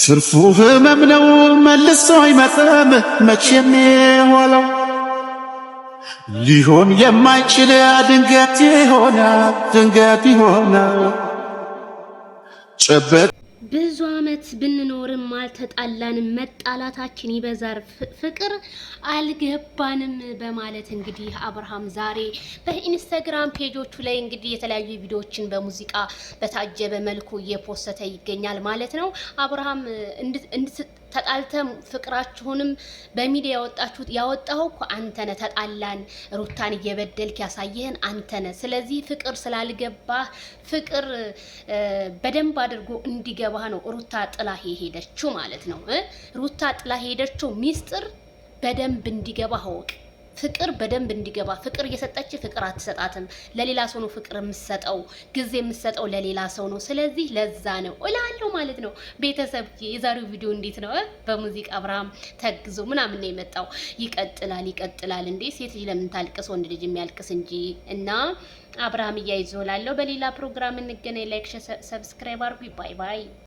ትርፉ ህመም ነው መልሶ አይመጣም መቼም የኋላው ሊሆን የማይችል ድንገት ይሆናል ድንገት ይሆናል ጨበጥ ብዙ አመት ብንኖርም አልተጣላንም፣ መጣላታችን ይበዛር፣ ፍቅር አልገባንም በማለት እንግዲህ አብርሃም ዛሬ በኢንስታግራም ፔጆቹ ላይ እንግዲህ የተለያዩ ቪዲዮዎችን በሙዚቃ በታጀበ መልኩ እየፖሰተ ይገኛል ማለት ነው። አብርሃም ተጣልተም ፍቅራችሁንም በሚዲያ ያወጣችሁት ያወጣው እኮ አንተነ ተጣላን፣ ሩታን እየበደልክ ያሳየህን አንተነ። ስለዚህ ፍቅር ስላልገባ ፍቅር በደንብ አድርጎ እንዲገባህ ነው ሩታ ጥላ ሄደችው ማለት ነው። ሩታ ጥላ ሄደችው ሚስጥር በደንብ እንዲገባህ አወቅ ፍቅር በደንብ እንዲገባ ፍቅር እየሰጠች ፍቅር አትሰጣትም። ለሌላ ሰው ነው ፍቅር የምሰጠው፣ ጊዜ የምሰጠው ለሌላ ሰው ነው። ስለዚህ ለዛ ነው እላለሁ ማለት ነው። ቤተሰብ የዛሬው ቪዲዮ እንዴት ነው? በሙዚቃ አብርሃም ተግዞ ምናምን ነው የመጣው። ይቀጥላል ይቀጥላል። እንዴ ሴት ልጅ ለምን ታልቅስ? ወንድ ልጅ የሚያልቅስ እንጂ እና አብርሃም እያይዞ ላለው በሌላ ፕሮግራም እንገናኝ። ላይክ፣ ሰብስክራይብ አርጉ። ባይ ባይ